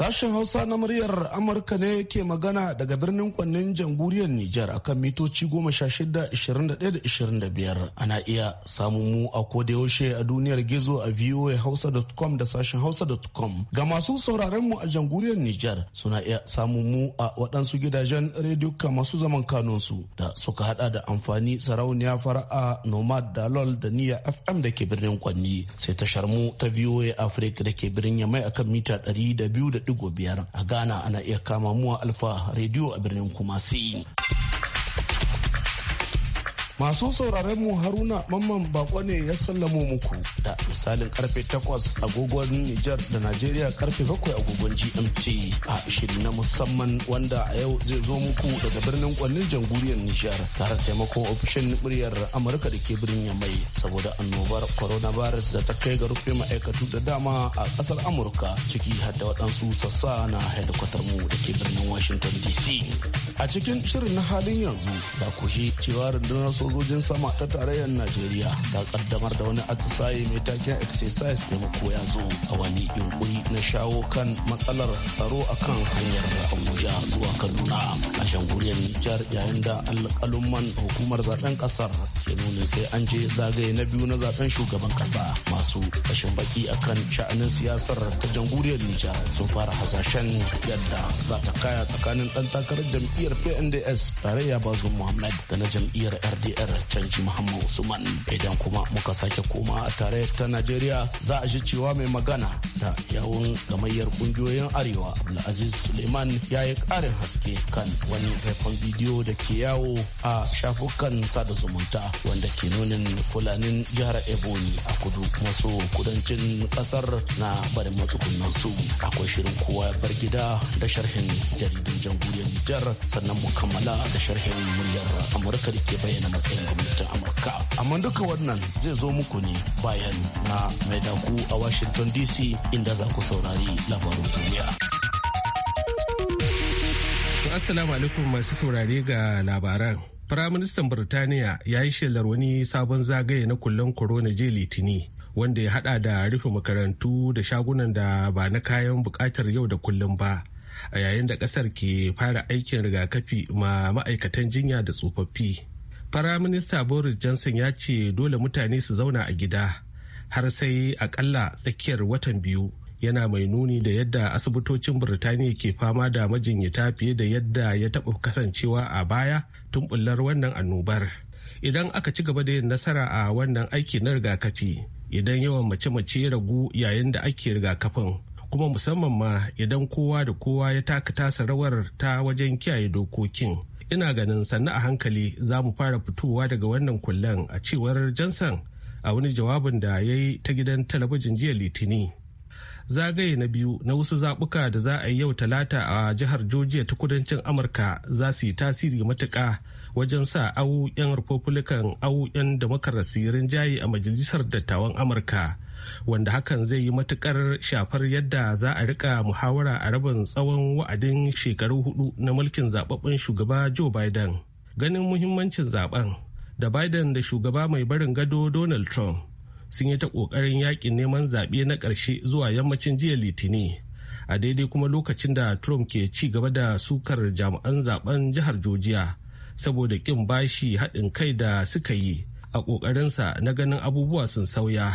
Sashen Hausa na muryar Amurka ne ke magana daga birnin kwannin jamhuriyar Nijar akan mitoci 16-21-25. Ana iya samun mu a yaushe a duniyar gizo a voahausa.com da sashen hausa.com. Ga masu sauraron mu a jamhuriyar Nijar suna iya samun mu a waɗansu gidajen rediyo masu zaman kanunsu da suka hada da amfani sarauniya fara'a Nomad Dalol da Niyya FM da ke birnin Kwanni sai tashar mu ta VOA Africa da ke birnin Yamai akan mita 200 a Ghana ana iya kama mu a Alfa Radio a birnin Kumasi. Masu sauraren mu Haruna Mamman Bako ne ya sallamo muku da misalin karfe 8 agogon Nijar da Najeriya karfe 7 agogon GMT a shirin na musamman wanda a yau zai zo muku daga birnin kwannin jamhuriyar Nijar tare da taimakon ofishin muryar Amurka da ke birnin Yamai saboda annobar coronavirus da ta kai ga rufe ma'aikatu da dama a kasar Amurka ciki har da waɗansu sassa na hedikwatar mu da ke birnin Washington DC. A cikin shirin na halin yanzu za ku ji cewa rundunar sojojin sama ta tarayyar najeriya ta kaddamar da wani atisaye mai taken exercise da ya zo a wani yunkuri na shawo kan matsalar tsaro akan hanyar abuja zuwa kaduna a shanguriyar nijar yayin da alƙalumman hukumar zaben kasar ke nuna sai an je zagaye na biyu na zaben shugaban kasa masu kashin baki akan sha'anin siyasar ta jamhuriyar nijar sun fara hasashen yadda za ta kaya tsakanin dan takarar jam'iyyar pnds tarayya bazu muhammad da na jam'iyyar RDS. yar canji muhammad usman idan kuma muka sake koma a tare ta najeriya za a ji cewa mai magana da yawun gamayyar kungiyoyin arewa abdulaziz suleiman ya yi karin haske kan wani faifan bidiyo da ke yawo a shafukan sada zumunta wanda ke nunin fulanin jihar ebonyi a kudu maso kudancin kasar na barin matsukunan su akwai shirin kowa ya bar gida da sharhin jaridun jamhuriyar nijar sannan mu kammala da sharhin muryar amurka da ke bayyana masa. kan gwamnatin amurka amma duka wannan zai zo muku ne bayan na mai daku a washington dc inda za ku saurari labarin duniya assalamu alaikum masu saurare ga labaran Firaministan Birtaniya ya yi shelar wani sabon zagaye na kullen corona je litini wanda ya hada da rufe makarantu da shagunan da ba na kayan bukatar yau da kullum ba a yayin da kasar ke fara aikin rigakafi ma ma'aikatan jinya da tsofaffi. Firaminista Boris Johnson ya ce dole mutane su zauna a gida har sai akalla tsakiyar watan biyu yana mai nuni da yadda asibitocin Birtaniya ke fama da majinyata fiye da yadda ya taɓa kasancewa a baya tun bullar wannan annobar. Idan aka ci gaba da yin nasara a wannan aiki na rigakafi, idan yawan mace-mace ya ragu yayin da ake rigakafin, kuma musamman ma idan kowa da kowa ya taka tasa rawar ta wajen kiyaye dokokin. ina ganin sannu a hankali za mu fara fitowa daga wannan kullen a cewar jansan a wani jawabin da ya yi ta gidan talabijin jiya litini zagaye na biyu na wasu zaɓuka da za a yi yau talata a jihar georgia ta kudancin amurka za su yi tasiri matuƙa wajen sa au 'yan republican au 'yan demokarasi rinjaye a majalisar dattawan amurka wanda hakan zai yi matukar shafar yadda za a rika muhawara a rabin tsawon wa'adin shekaru hudu na mulkin zababben shugaba joe biden ganin muhimmancin zaben da biden da shugaba mai barin gado donald trump sun yi ta kokarin yakin neman zaɓe na ƙarshe zuwa yammacin jiya litini a daidai kuma lokacin da trump ke ci gaba da sukar jami'an zaben jihar georgia saboda kin bashi haɗin kai da suka yi a ƙoƙarinsa na ganin abubuwa sun sauya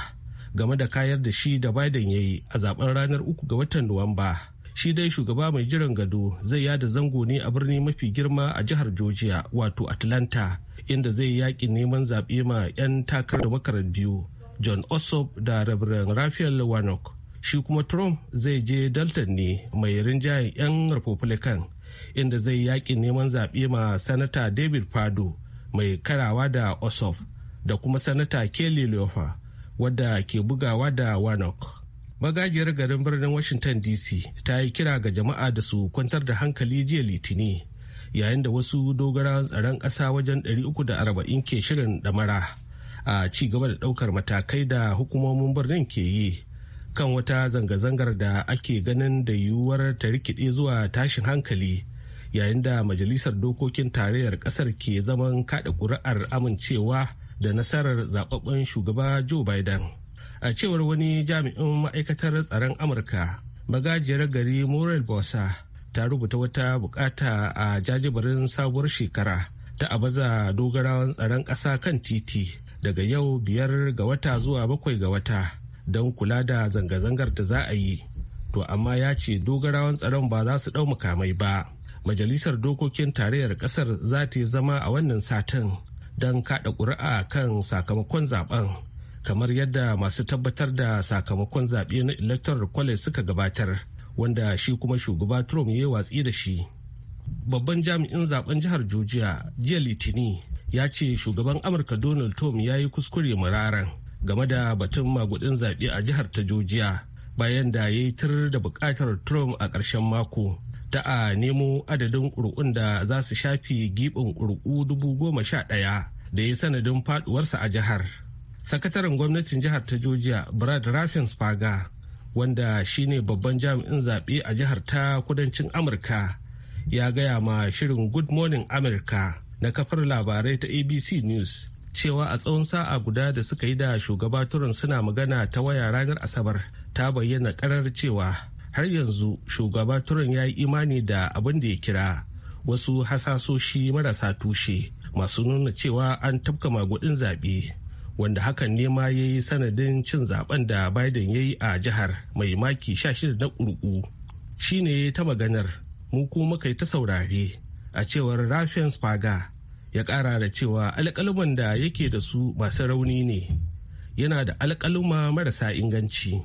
game da kayar da shi da Biden ya yi a zaben ranar uku ga watan Nuwamba. Shi dai shugaba mai jiran gado zai yada zango ne a birni mafi girma a jihar Georgia wato Atlanta inda zai yaƙi neman zaɓe ma 'yan takarar makarar biyu John Ossoff da Reverend Raphael Warnock. Shi kuma Trump zai je Dalton ne mai rinjayen 'yan Republican inda zai yaƙi neman zaɓe ma Sanata David Pardo mai karawa da Ossoff da kuma Sanata Kelly Loeffler wadda ke bugawa da wanok. Magajiyar garin birnin Washington DC ta yi kira ga jama'a da su kwantar da hankali jiya litini yayin da wasu dogara tsaron ƙasa wajen 340 ke shirin ɗamara a ci gaba da ɗaukar matakai da hukumomin birnin ke yi kan wata zanga-zangar da ake ganin da yiwuwar ta rikide zuwa tashin hankali. yayin da majalisar dokokin tarayyar ƙasar ke zaman kaɗa ƙuri'ar amincewa da nasarar zababben shugaba joe biden a cewar wani jami'in ma'aikatar tsaron amurka magajiyar gari morel bosa ta rubuta wata bukata a jajibirin sabuwar shekara ta abaza dogarawan tsaron ƙasa kan titi daga yau biyar ga wata zuwa bakwai ga wata don kula da zanga-zangar da za a yi to amma ya ce dogarawan tsaron ba za su ɗau mukamai ba majalisar dokokin tarayyar ƙasar za ta zama a wannan satin don kada ƙuri'a kan sakamakon zaben kamar yadda masu tabbatar da sakamakon zaɓe na electoral college suka gabatar wanda shi kuma shugaba trump ya yi watsi da shi babban jami'in zaben jihar georgia jiya litini ya ce shugaban amurka donald trump ya yi kuskure muraran game da batun magudin zaɓe a jihar ta georgia bayan da ya yi tur da buƙatar trump a ƙarshen mako da a nemo adadin ƙuri'un da za su shafi gibin ƙuri'u dubu goma sha ɗaya da ya sanadin faduwarsa a jihar sakataren gwamnatin jihar ta georgia brad Raffens faga wanda shi ne babban jami'in zaɓe a jihar ta kudancin amurka ya gaya ma shirin good morning america na kafar labarai ta abc news cewa a tsawon sa'a guda da suka yi da shugaba turin suna magana ta waya ranar asabar ta bayyana karar cewa har yanzu shugaba turan ya yi imani da abin da ya kira wasu hasasoshi marasa tushe masu nuna cewa an tafka magudin zaɓe wanda hakan ne ma ya yi sanadin cin zaben da biden ya yi a jihar mai maki 16 na ƙurƙu shi ne ta maganar mu muka yi ta saurare a cewar rafin spaga ya ƙara da cewa alƙaluman da yake da su masu rauni ne yana da alƙaluma marasa inganci.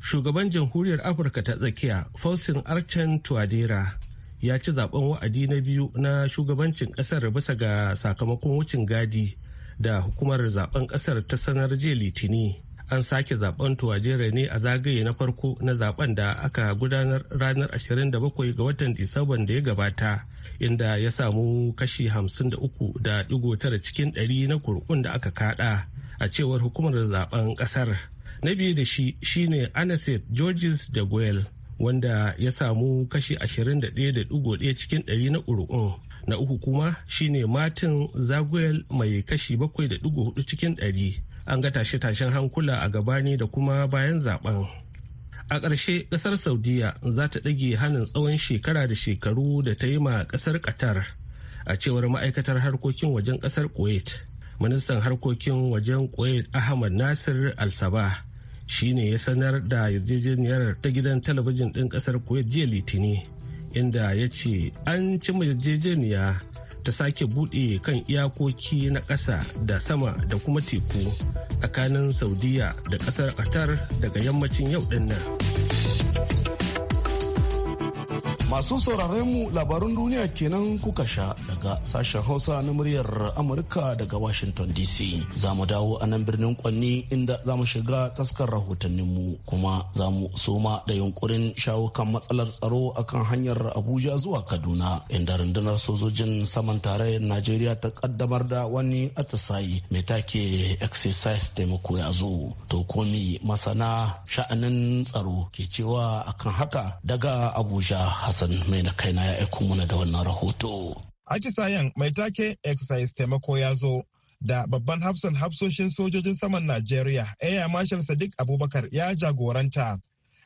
shugaban jamhuriyar afirka ta tsakiya faustin arcen tuadera ya ci zaben wa'adi na biyu na shugabancin kasar bisa ga sakamakon wucin gadi da hukumar zaben kasar ta sanar jiya litini an sake zaben tuwajere ne a zagaye na farko na zaben da aka gudanar ranar 27 ga watan disamban da ya gabata inda ya samu kashi da 53.9 cikin 100 na kurkun da aka kada a cewar hukumar zaben kasar na biyu da shi shine anaset georges de goyle wanda ya samu kashi 21.1 cikin 100 na ƙuri'un na uku kuma shine martin zaguel mai kashi 7.4 cikin 100 an ga tashe-tashen hankula a gabani da kuma bayan zaben a ƙarshe ƙasar saudiya za ta ɗage hannun tsawon shekara da shekaru da ta yi ma ƙasar qatar a cewar ma'aikatar harkokin wajen ƙasar kuwait ministan harkokin wajen kuwait ahmad nasir al-sabah shine ya sanar da yarjejeniyar ta gidan talabijin ɗin ƙasar kuwait jiya litini inda ya ce an ci yarjejeniya ta sake buɗe kan iyakoki na ƙasa da sama da kuma teku tsakanin saudiya da ƙasar qatar daga yammacin yau ɗin Masu sauraren mu labarun duniya kenan kuka sha daga sashen Hausa na muryar Amurka daga Washington DC. Za mu dawo a nan birnin Kwanni inda za mu shiga taskar rahotanninmu kuma za mu soma da yunkurin shawo kan matsalar tsaro a kan hanyar Abuja zuwa Kaduna inda rundunar sojojin saman tarayyar Najeriya ta kaddamar da wani atisayi mai take exercise taimako ya zo. To komi masana sha'anin tsaro ke cewa akan haka daga Abuja Hassan mai na kaina ya aiko muna da wannan rahoto. Atisayen mai take exercise taimako ya zo da babban hafsan hafsoshin sojojin saman Najeriya Air Marshal Sadiq Abubakar ya jagoranta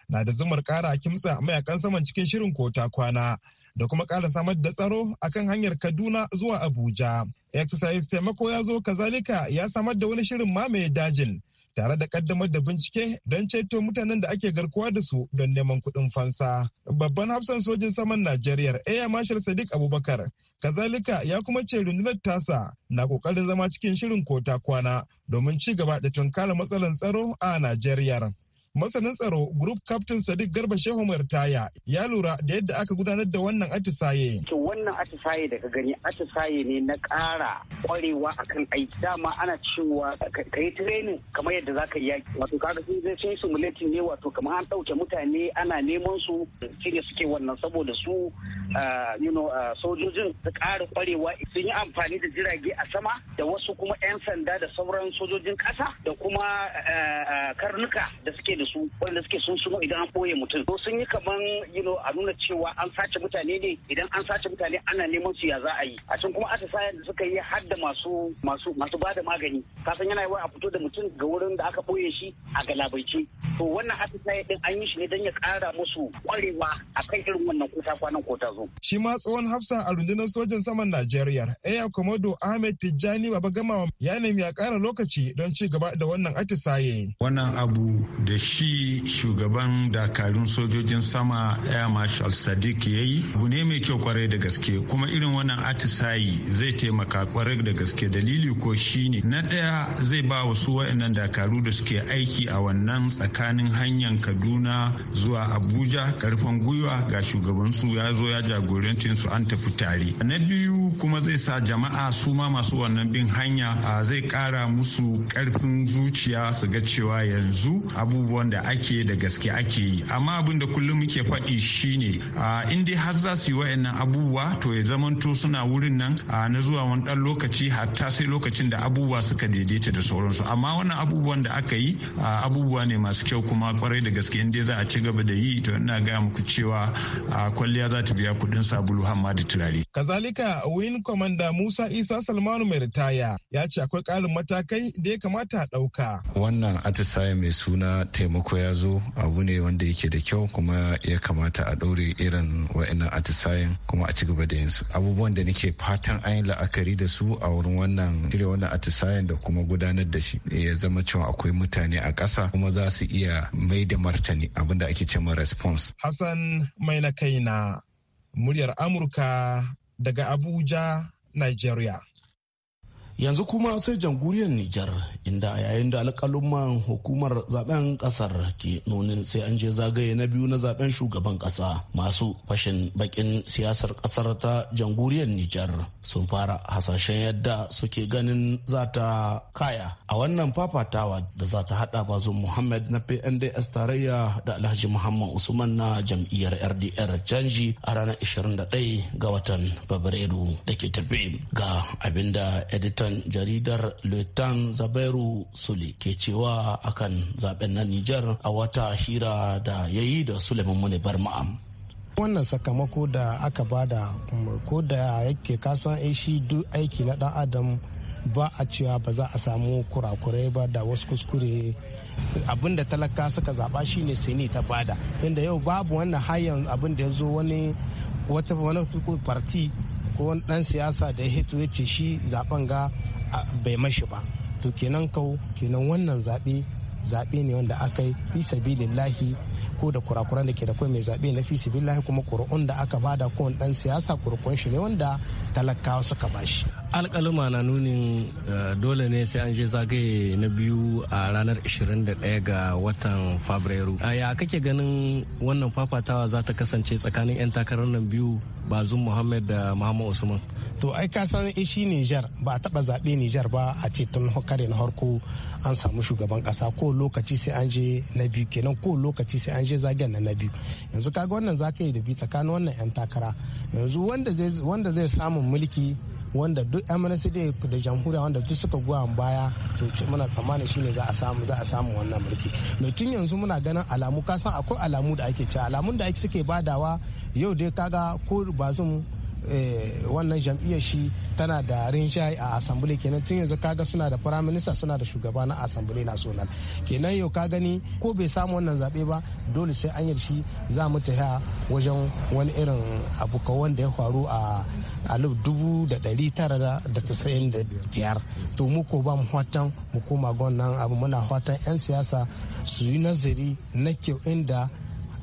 na da zumar kara kimtsa mayakan saman cikin shirin kota kwana da kuma kara samar da tsaro akan hanyar Kaduna zuwa Abuja. Exercise taimako ya zo kazalika ya samar da wani shirin mamaye dajin tare da kaddamar da bincike don ceto mutanen da ake garkuwa da su don neman kuɗin fansa. Babban hafsan sojin saman Najeriya Air Marshal Sadiq Abubakar kazalika ya kuma ce rundunar tasa na ƙoƙarin zama cikin shirin kota kwana domin ci gaba da tunkara matsalar tsaro a Najeriya. masanin tsaro group captain sadiq garba shehu martaya ya lura da yadda aka gudanar da wannan atisaye to wannan atisaye daga ka gani atisaye ne na ƙara kwarewa akan aiki dama ana cewa ka yi training kamar yadda zaka yi yaki wato kaga sun zai sun simulating ne wato kamar an dauke mutane ana neman su shine suke wannan saboda su ah, you know ah, sojojin su ƙara kwarewa sun yi amfani da jirage a sama da wasu kuma 'yan sanda da sauran sojojin ƙasa da kuma ah, karnuka da suke da su wanda suke sun suno idan an ɓoye mutum to sun yi kaman you know a nuna cewa an sace mutane ne idan an sace mutane ana neman su ya za a yi a can kuma atisayen da suka yi har da masu masu masu ba da magani kasan yana yawa a fito da mutum ga wurin da aka ɓoye shi a galabaice to wannan atisaye din an yi shi ne don ya kara musu ƙwarewa kan irin wannan kota kwanan kota zo. shi ma tsohon hafsa a rundunar sojan saman najeriya air komodo ahmed tijjani baba gama ya nemi ya kara lokaci don ci gaba da wannan atisaye. wannan abu da shi shi shugaban dakarun sojojin sama air marshal sadiq ya yi abu ne mai kyau kwarai da gaske kuma irin wannan atisayi zai taimaka kwarai da gaske dalili ko shi ne. na ɗaya zai ba wasu waɗannan dakaru da suke aiki a wannan tsakanin hanyar kaduna zuwa abuja karfin gwiwa ga shugabansu ya zo ya jagoranci su an tafi tare na biyu kuma zai sa jama'a su ma masu wannan bin hanya zai kara musu karfin zuciya su ga cewa yanzu abubuwan wanda ake da gaske ake yi amma abin da kullum muke faɗi shine in dai har za su yi wayannan abubuwa to ya zamanto suna wurin nan na zuwa wani ɗan lokaci hatta sai lokacin da abubuwa suka daidaita da sauransu amma wannan abubuwan da aka yi abubuwa ne masu kyau kuma kwarai da gaske in dai za a ci gaba da yi to ina gaya muku cewa kwalliya za ta biya kuɗin sabulu hamma da turare. kazalika win commander musa isa salmanu mai ritaya ya ce akwai ƙarin matakai da ya kamata a ɗauka. wannan atisaye mai suna taimako ya zo abu ne wanda yake da kyau kuma ya kamata a ɗaure irin wa'annan atisayen kuma a ci gaba da yinsu abubuwan da nake fatan an yi la'akari da su a wurin wannan shirya wannan atisayen da kuma gudanar da shi ya zama cewa akwai mutane a ƙasa kuma za su iya mai da martani abin da ake cewa response hassan mai na kai na muryar amurka daga abuja nigeria yanzu kuma sai jamhuriyar Nijar inda a yayin da alƙaluman hukumar zaben ƙasar ke nunin sai an je zagaye na biyu na zaben shugaban ƙasa masu fashin bakin siyasar ƙasar ta jamhuriyar Nijar sun fara hasashen yadda suke ganin za ta kaya a wannan fafatawa da za ta hada bazu Muhammad na PNDS tarayya da Alhaji Muhammad Usman na jam'iyyar RDR canji a ranar 21 ga watan Fabrairu da ke tafe ga abinda editor rahoton jaridar Lutan Zabairu Sule ke cewa akan zaben na Nijar a wata hira da ya yi da Suleiman Mune Barma'am. wannan sakamako da aka bada ko da yake kasan shi duk aiki na dan adam ba a cewa ba za a samu kurakurai ba da wasu kuskure abin talaka suka zaba shine sini ta bada inda yau babu wannan hayan abin da ya zo wani wata wani parti ko wani dan siyasa da ya hito ya ce shi zaben ga bai mashi ba to kenan kau kenan wannan zaɓe zaɓe ne wanda aka yi fi sabilillahi ko da kurakuran da ke da kai mai zaɓe na fi sabilillahi kuma kuri'un da aka bada ko wani dan siyasa kuri'un shi ne wanda talakawa suka bashi alkaluma na nunin eh, dole ne sai an je zagaye na biyu a ranar 21 ga watan fabrairu ya kake ganin wannan fafatawa za ta kasance tsakanin 'yan takarar nan biyu zun muhammad da muhammad usman to ai ka san ishi niger ba a taba zaɓe niger ba a ce tun kare na harko an samu shugaban kasa ko lokaci sai an je na biyu kenan ko lokaci sai an je na na biyu yanzu kaga wannan zaka da biyu tsakanin wannan 'yan takara yanzu wanda zai samu samun mulki wanda duk amnesty da jamhuriya wanda duk suka goyon baya to muna tsammanin shine za a samu za a samu wannan mulki mai tun yanzu muna ganin alamu kasan akwai alamu da ake ci alamun da ake suke badawa yau dai kaga ko bazum Eh, wannan jam'iyyar shi tana da rinjaye a asambule kenan tun yanzu kaga suna da prime minister suna da shugaba na asambule national kenan yau ka gani ko bai samu wannan zaɓe ba dole sai an shi za mu tafiya wajen wani irin abu wanda ya faru a alif dubu da dari tara da tasirin da biyar to mu ko ba mu hatan mu koma ga wannan abu muna hatan 'yan siyasa su yi nazari na kyau inda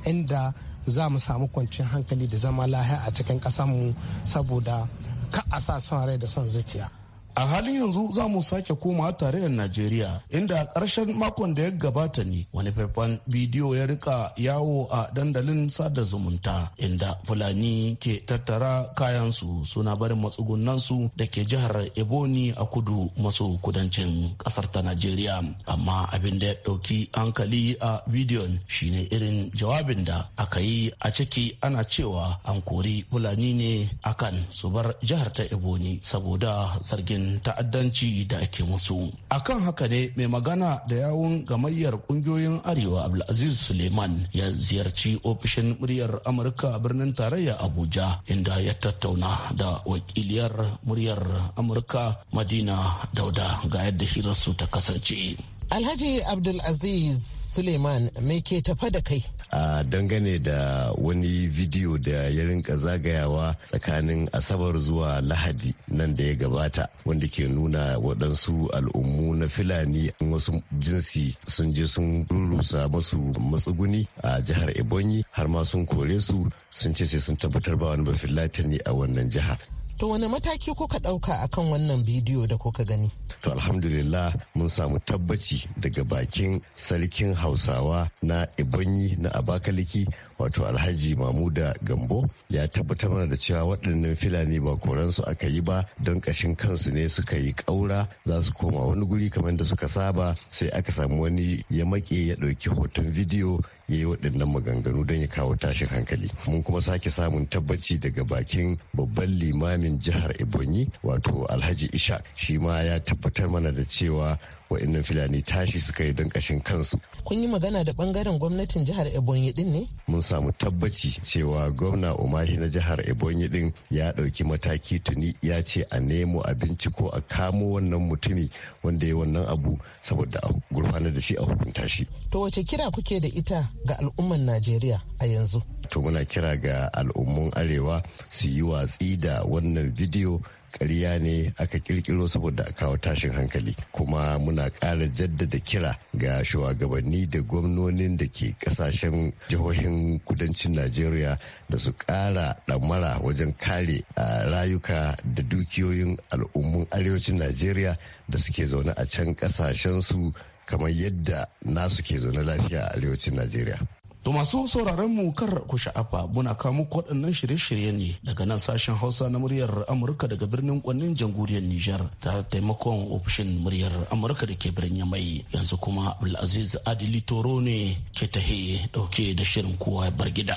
inda za mu samu kwanciyar hankali da zama lahiya a cikin ƙasarmu saboda ka a sa son rai da son zuciya a halin yanzu za mu sake koma tarayyar najeriya inda a ƙarshen makon da ya gabata ne wani faifan bidiyo ya rika yawo a dandalin sada zumunta inda fulani ke tattara kayansu suna barin matsugunansu da ke jihar ebonyi a kudu maso kudancin ƙasar ta najeriya amma abin da ya ɗauki hankali a bidiyon shine irin jawabin da aka yi a ciki ana cewa an kori fulani ne akan su bar jihar ta ebonyi saboda zargin irin ta'addanci da ake musu akan haka ne mai magana da yawun gamayyar kungiyoyin arewa abdulaziz suleiman ya ziyarci ofishin muryar amurka birnin tarayya abuja inda ya tattauna da wakiliyar muryar amurka madina dauda ga yadda hirarsu ta kasance alhaji abdulaziz Suleiman me ke tafa da kai? A dangane da wani bidiyo da ya rinka zagayawa tsakanin Asabar zuwa Lahadi nan da ya gabata wanda ke nuna waɗansu al'ummu na Fulani wasu jinsi sun je sun rurusa masu matsuguni a jihar Ebonyi har ma sun kore su sun ce sai sun tabbatar ba wani bafin ne a wannan jihar. To wani mataki kuka ɗauka akan wannan bidiyo da kuka gani? To alhamdulillah mun samu tabbaci daga bakin sarkin Hausawa na ibanyi na Abakaliki wato Alhaji Mamuda Gambo ya tabbatar mana da cewa waɗannan filani ba koransu aka yi ba don ƙashin kansu ne suka yi ƙaura za su koma wani guri kamar da suka saba sai aka samu wani ya maƙe ya ɗauki hoton bidiyo ya yi waɗannan maganganu don ya kawo tashin hankali mun kuma sake samun tabbaci daga bakin babban limamin jihar ebonyi wato alhaji ishaq shi ma ya tabbatar mana da cewa wa'annan fulani tashi suka yi don kashin kansu. Kun yi magana da bangaren gwamnatin jihar Ebonyi din ne? Mun samu tabbaci cewa gwamna Umahi na jihar Ebonyi din ya ɗauki mataki tuni ya ce a nemo a binciko a kamo wannan mutumi wanda ya wannan abu saboda a gurfanar da shi a hukunta shi. To wace kira kuke da ita ga al'umman Najeriya a yanzu? To muna kira ga al'umman Arewa su yi watsi da wannan bidiyo ƙarya ne aka kirkiro saboda a kawo tashin hankali kuma muna ƙara jaddada kira ga shugabanni da gwamnonin da ke ƙasashen jihohin kudancin najeriya da su ƙara ɗamara wajen kare rayuka da dukiyoyin al'ummun arewacin najeriya da suke zaune a can ƙasashensu kamar yadda nasu ke zaune lafiya a arewacin najeriya To masu sauraron mu kar ku sha'afa muna kawo muku waɗannan shirye-shirye ne daga nan sashen Hausa na muryar Amurka daga birnin Kwannin jamhuriyar Nijar ta taimakon ofishin muryar Amurka da ke birnin Mai yanzu kuma Abdulaziz Adili Toro ne ke tahe dauke da shirin kowa ya bar gida.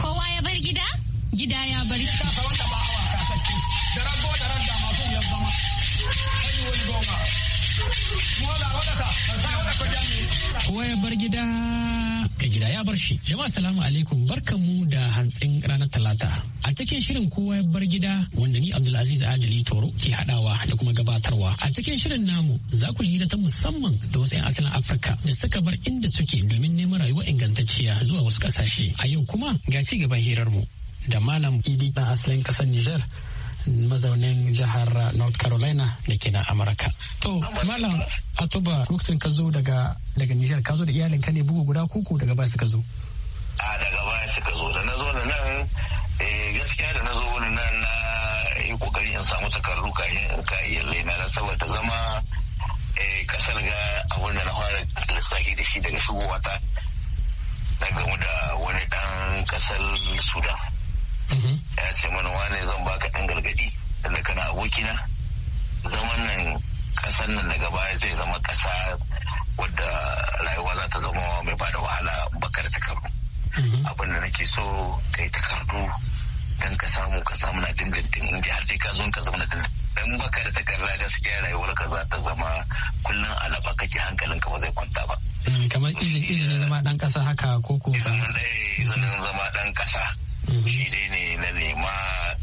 Kowa ya bar gida? Gida ya bar gida. Kowa ya bar gida. ga gida ya bar shi. Jama'a salamu alaikum barkamu da hantsin ranar talata. A cikin shirin kowa ya bar gida wanda ni Abdulaziz Adili Toro ke hadawa da kuma gabatarwa. A cikin shirin namu za ku ji ta musamman da wasu 'yan asalin Afirka da suka bar inda suke domin neman rayuwa ingantacciya zuwa wasu kasashe. A yau kuma ga ci gaban hirarmu. da Malam Idi na asalin ƙasar Nijar mazaunin jihar north carolina da ke na amurka to malam atuba lokacin ka zo daga daga nijar ka zo da iyalin ka ne bugu guda kuku daga baya suka zo a daga baya suka zo da na zo da nan eh, gaskiya da na zo wani nan na yi kokari in samu takardu ka yi ka na saboda zama eh, kasar ga abin da na fara lissafi da shi daga shigowa ta na gamu da wani ɗan kasar sudan ya ce mana wane zan baka ɗan gargaɗi da kana abokina zaman nan ƙasar nan daga baya zai zama ƙasa wadda rayuwa za ta zama mai ba da wahala bakar takardu mhm. abin da nake so ka yi takardu don ka samu ka samu na dindindin inda har dai ka zo ka zama na dindindin dan baka da takarda gaskiya rayuwar ka za ta zama kullum alaba kake hankalin ka ba zai kwanta ba mm, kamar izini zama dan kasa haka ko ko izinin eh, zama dan kasa Mhm. shi dai ne na nema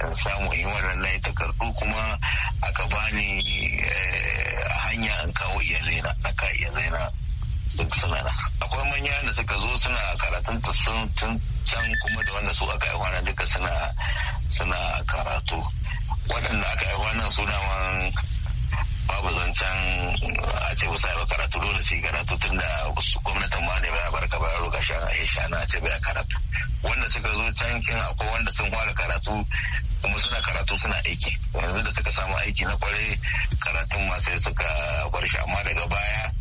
in samu in wa na takardu kuma aka bani eh, hanya in kawo iyalaina na ka iyalaina duk suna na akwai manya da suka zo suna karatun tun can kuma da wanda su aka yi wannan duka suna suna karatu waɗanda aka yi wannan suna babu zancen a ce wasu ba karatu dole su yi karatu tun da gwamnatin ma ne bai barka ba yaro gashi a hesha a ce bai karatu wanda suka zo cankin akwai wanda sun fara karatu kuma suna karatu suna aiki yanzu da suka samu aiki na kwarai karatun ma sai suka bar shi amma daga baya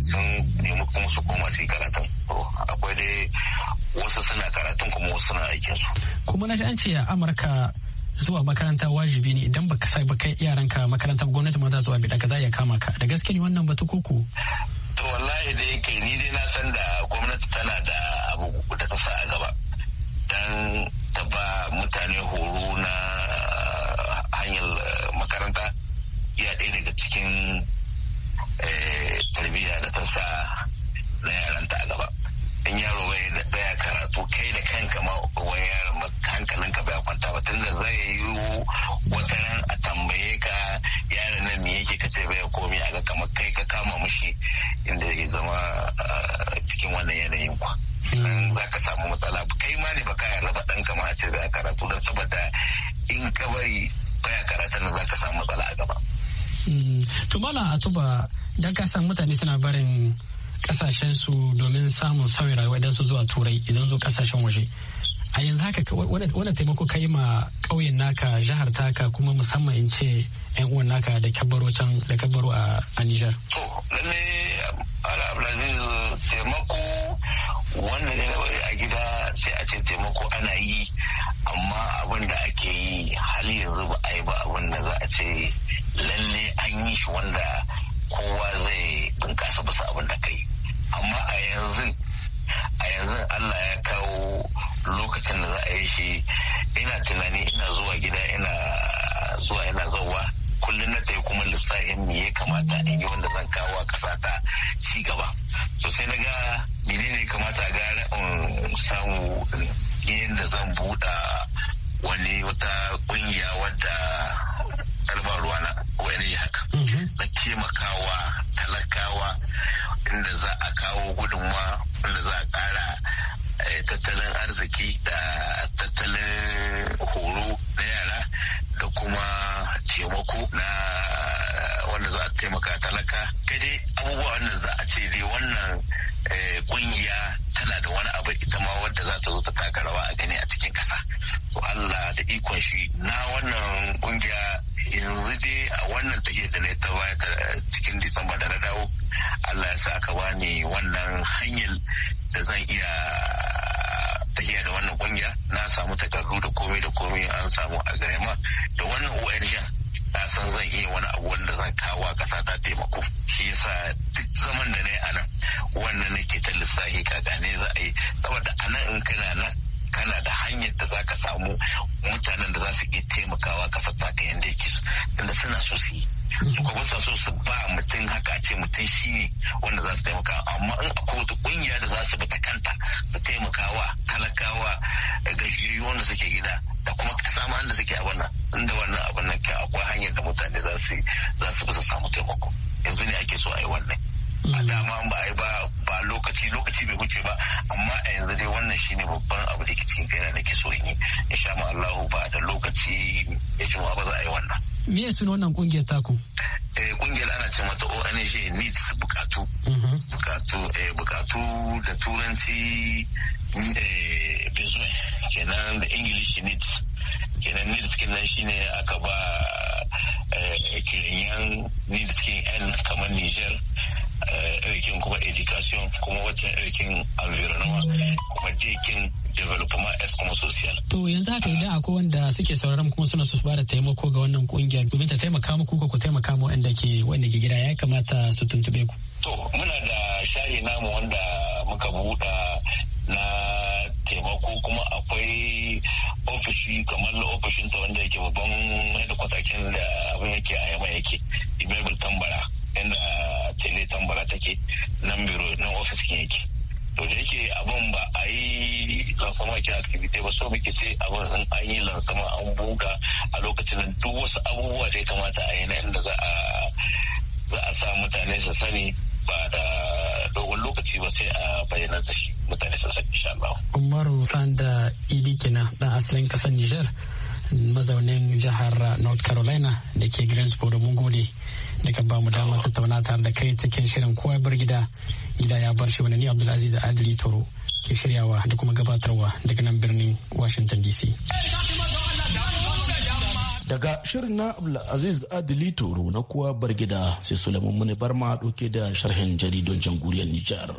sun nemi kuma su koma su yi karatun akwai dai wasu suna karatun kuma wasu suna aikin su kuma na an ce a amurka zuwa makaranta wajibi ne idan baka sai baka yaranka makaranta gwamnati ma za zuwa bidaka za ya kama ka da gaske ne wannan batu koko to wallahi da yake ni dai na san da gwamnati tana da abu da ta sa a gaba mutane kasan mutane suna barin kasashen su domin samun sauyin rayuwa idan su zuwa turai idan zo kasashen waje a yanzu haka wani taimako ka yi ma ƙauyen naka jihar taka kuma musamman in ce yan uwan naka da kabaro can da kabaro a Nijar. taimako wanda ne a gida sai a ce taimako ana yi amma abin da ake yi hali yanzu ba a yi ba abin da za a ce lalle an yi shi wanda kowa zai bunkasa bisa abin da kai amma a yanzu a yanzu Allah ya kawo lokacin da za a yi shi ina tunani ina zuwa gida ina zuwa ina zauwa kullum na tayi kuma lissafin me ya kamata in yi wanda zan kawo a ƙasa ta ci gaba to sai na ga menene kamata ga gara in samu yadda zan buɗa wani wata ƙungiya wadda alba ruwa na wani haka mhm. na taimakawa talakawa inda za a kawo gudunmawa inda za a kara eh, tattalin arziki da tattalin horo na yara da kuma taimako na wanda za a taimaka talaka kai dai abubuwa wanda za a ce dai wannan kungiya eh, tana da wani abu ita ma wadda za ta zo ta taka rawa a gani a cikin kasa to Allah da ikon shi na wannan kungiya yanzu dai a wannan tafiya da na ta baya cikin disamba da na dawo allah ya sa aka bani wannan hanyar da zan iya tafiya da wannan kungiya na samu takardu da komai da komai an samu a garema da wannan ONG na san zan iya wani abu wanda zan kawo a kasa ta taimako shi yasa duk zaman da na yi a nan wannan nake ta lissafi kaka ne za a yi saboda a nan in kana nan kana da hanyar da za ka samu mutanen da za su iya taimakawa kasar ka yadda yake su tunda suna so su yi su kuma sa so su ba mutum haka a ce mutum shi ne wanda za su taimaka amma in akwai wata kungiya da za su bi ta kanta su taimakawa talakawa gajiyayyu wanda suke gida da kuma kasa ma da suke a wannan inda wannan sunan wannan kungiyar taku taimaka muku ko ku taimaka mu wanda ke wanda ke gida ya kamata su tuntube ku. To muna da shayi namu wanda muka buɗa na taimako kuma akwai ofishi kamar ofishin ta wanda yake babban da kwatakin da abin yake a yamma yake imebul tambara inda tele tambara take nan biro nan ofis yake. to da yake abin ba a yi lansama ke asibiti ba so muke sai abin in an yi lansama an buga a lokacin duk wasu abubuwa da ya kamata a yi na inda za a sa mutane su sani ba da dogon lokaci ba sai a bayyana da shi mutane su sani insha Allah. Umaru Sanda Idi kenan dan asalin kasar Nijar. mazaunin jihar north carolina da ke greensboro mun gode da ka mu dama tattauna tare da kai cikin shirin kowa bar gida gida ya bar shi wani ni abdulaziz adli toro ke shiryawa da kuma gabatarwa daga nan birnin washington dc daga shirin na Abdulaziz adli Toro na kowa bar gida sai Sulaiman Muni Barma doke da sharhin jaridon jamhuriyar Nijar.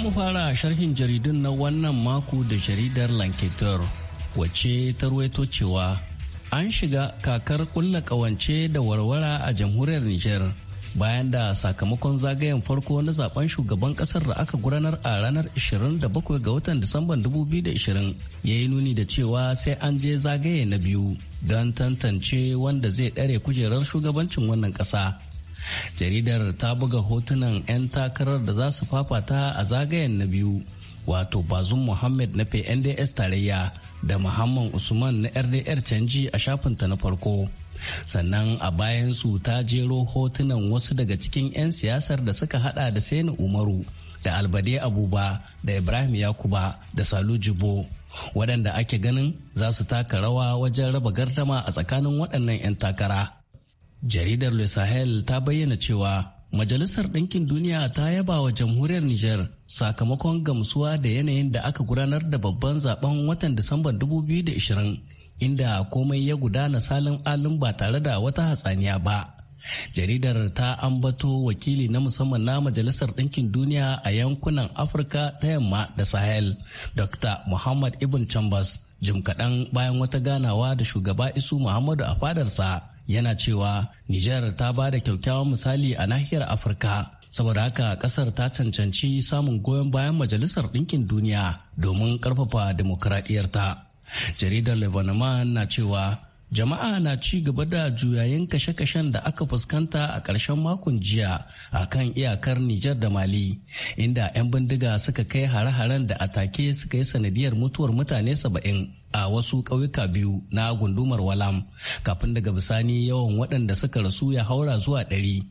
mu fara sharhin jaridun na wannan mako da jaridar Lanketer, wacce ta ruwaito cewa an shiga kakar kulla kawance da warwara a jamhuriyar Nijar. bayan da sakamakon zagayen farko na zaben shugaban kasar da aka gudanar a ranar 27 ga watan Disamban 2020 ya yi nuni da cewa sai an je zagaye na biyu don tantance wanda zai ɗare kujerar shugabancin wannan ƙasa. jaridar ta buga hotunan 'yan takarar da za su fafata a zagayen na biyu wato bazum muhammad na pnds tarayya da muhammad usman na rdr canji a shafinta na farko sannan a bayansu ta jero hotunan wasu daga cikin 'yan siyasar da suka hada da sani umaru da albade abuba da ibrahim yakuba da salu jibo waɗanda ake ganin za su taka rawa wajen raba gardama a tsakanin waɗannan 'yan takara Jaridar Le Sahel ta bayyana cewa Majalisar Ɗinkin Duniya ta yaba wa jamhuriyar Nijar sakamakon gamsuwa da yanayin da aka gudanar da babban zaben watan Disamban 2020 inda komai ya gudana salin alin ba tare da wata hatsaniya ba. Jaridar ta ambato wakili na musamman na Majalisar Ɗinkin Duniya a yankunan Afirka ta yamma da Sahel, Dr. Muhammad Ibn Chambers, jim kaɗan bayan wata ganawa da shugaba Isu Muhammadu a fadarsa. yana cewa Nijar ta ba da kyakkyawan misali a nahiyar Afirka saboda haka kasar ta cancanci samun goyon bayan majalisar ɗinkin duniya domin ƙarfafa dimokuraɗiyarta. Jaridar Lebanon na cewa jama'a na ci gaba da juyayin kashe-kashen da aka fuskanta a ƙarshen makon jiya a kan iyakar Nijar da Mali, inda 'yan bindiga suka kai hare-haren da atake suka yi sanadiyar mutuwar mutane saba'in a wasu ƙauyuka biyu na gundumar Walam, kafin daga bisani yawan waɗanda suka rasu ya haura zuwa ɗari.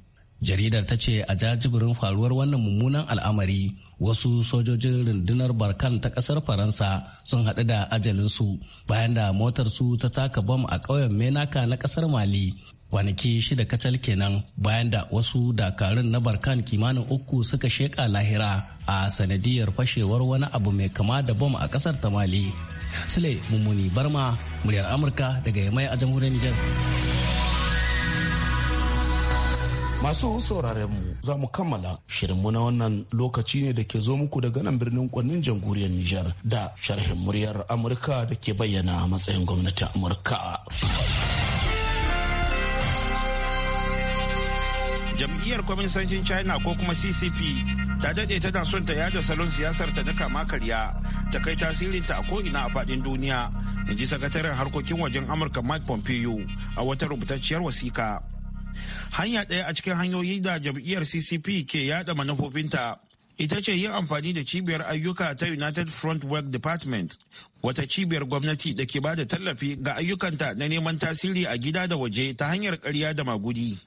Jaridar ta ce a jajibirin faruwar wannan mummunan al'amari wasu sojojin rundunar barkan ta kasar faransa sun haɗu da ajalinsu bayan da motarsu ta taka bom a ƙauyen menaka na kasar mali kwanaki shida kacal kenan bayan da wasu dakarun na barkan kimanin uku suka sheƙa lahira a sanadiyar fashewar wani abu mai kama da bom a kasar ta mali sule mummuni barma muryar amurka daga yamai a jamhuriyar nijar Masu sauraren mu za mu kammala shirinmu na wannan lokaci ne da ke zo muku daga nan birnin kwannin jamhuriyar Nijar da sharhin muryar Amurka da ke bayyana matsayin gwamnati Amurka. Jam'iyyar Kwaminsancin China ko kuma CCP ta daɗe tana son ta yada salon siyasar ta na kama karya ta kai tasirinta a ko'ina a faɗin duniya, in ji sakataren harkokin wajen Amurka Mike Pompeo a wata rubutacciyar wasika. hanya ɗaya a cikin hanyoyi da jam'iyyar ccp ke yada manufofinta ita ce yin amfani da cibiyar ayyuka ta united front work department wata cibiyar gwamnati da ke ba da tallafi ga ayyukanta na neman tasiri a gida da waje ta hanyar karya da magudi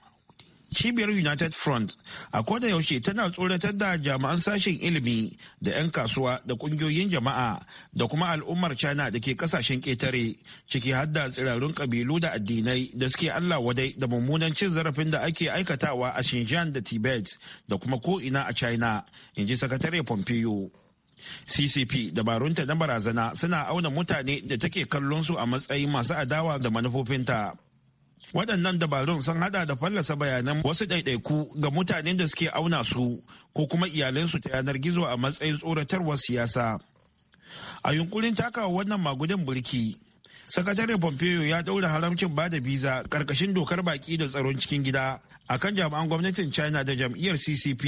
cibiyar united front a koda yaushe tana tsoratar da jami'an sashen ilimi da 'yan kasuwa da kungiyoyin jama'a da kuma al'ummar china da ke kasashen ketare ciki har da tsirarun kabilu da addinai da suke allah wadai da mummunan cin zarafin da ake aikatawa a xinjiang da tibet da kuma ko'ina a china in ji sakatare pompeo ccp dabarunta na barazana suna auna mutane da take kallon su a matsayin masu adawa da manufofinta Waɗannan dabarun sun hada da fallasa bayanan wasu ɗaiɗaiku ga mutanen da suke auna su ko kuma iyalansu ta yanar gizo a matsayin tsoratarwar siyasa. A yunkurin takawa wannan magudan burki, sakatare Pompeo ya ɗaura haramcin bada biza ƙarƙashin dokar baƙi da tsaron cikin gida akan jami'an gwamnatin china da jam'iyyar ccp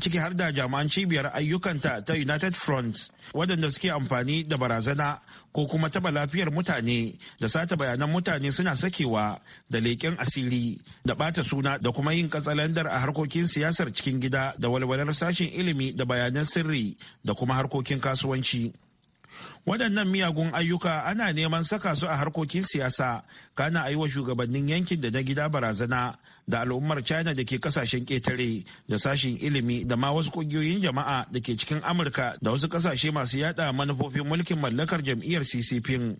ciki har da jami'an cibiyar ayyukanta ta united front waɗanda suke amfani da barazana ko kuma taba lafiyar mutane da sata bayanan mutane suna sakewa da leƙen asiri da ɓata suna da kuma yin katsalandar a harkokin siyasar cikin gida da walwalar sashen ilimi da bayanan sirri da kuma harkokin kasuwanci. waɗannan miyagun ayyuka ana neman saka su a harkokin siyasa kana a yi wa shugabannin yankin da na gida barazana da al'ummar china da ke kasashen ƙetare da sashen ilimi da ma wasu ƙungiyoyin jama'a da ke cikin amurka da wasu kasashe masu yada manufofin mulkin mallakar jam'iyyar ccp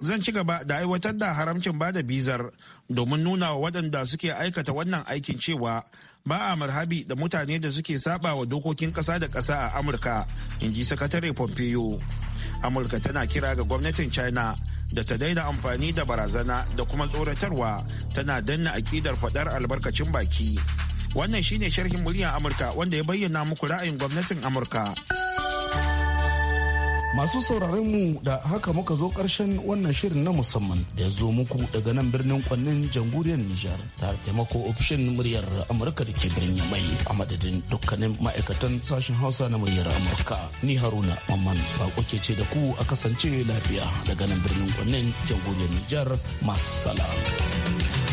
zan ci gaba da aiwatar da haramcin bada bizar domin nuna wa waɗanda suke aikata wannan aikin cewa ba a marhabi da mutane da suke saba wa dokokin ƙasa da ƙasa a amurka in ji sakatare pompeo amurka tana kira ga gwamnatin china da ta daina amfani da barazana da kuma tsoratarwa tana danna akidar fadar albarkacin baki wannan shine sharhin muryar amurka wanda ya bayyana muku ra'ayin gwamnatin amurka. Masu sauraron mu da haka muka zo ƙarshen wannan shirin na musamman da ya zo muku daga nan birnin kwannin jamhuriyar Nijar ta taimako ofishin muryar Amurka da ke birnin Yamai a madadin dukkanin ma'aikatan sashen Hausa na muryar Amurka. Ni Haruna Mamman bako ke ce da ku a kasance lafiya daga nan birnin kwannin jamhuriyar Nijar masu salam.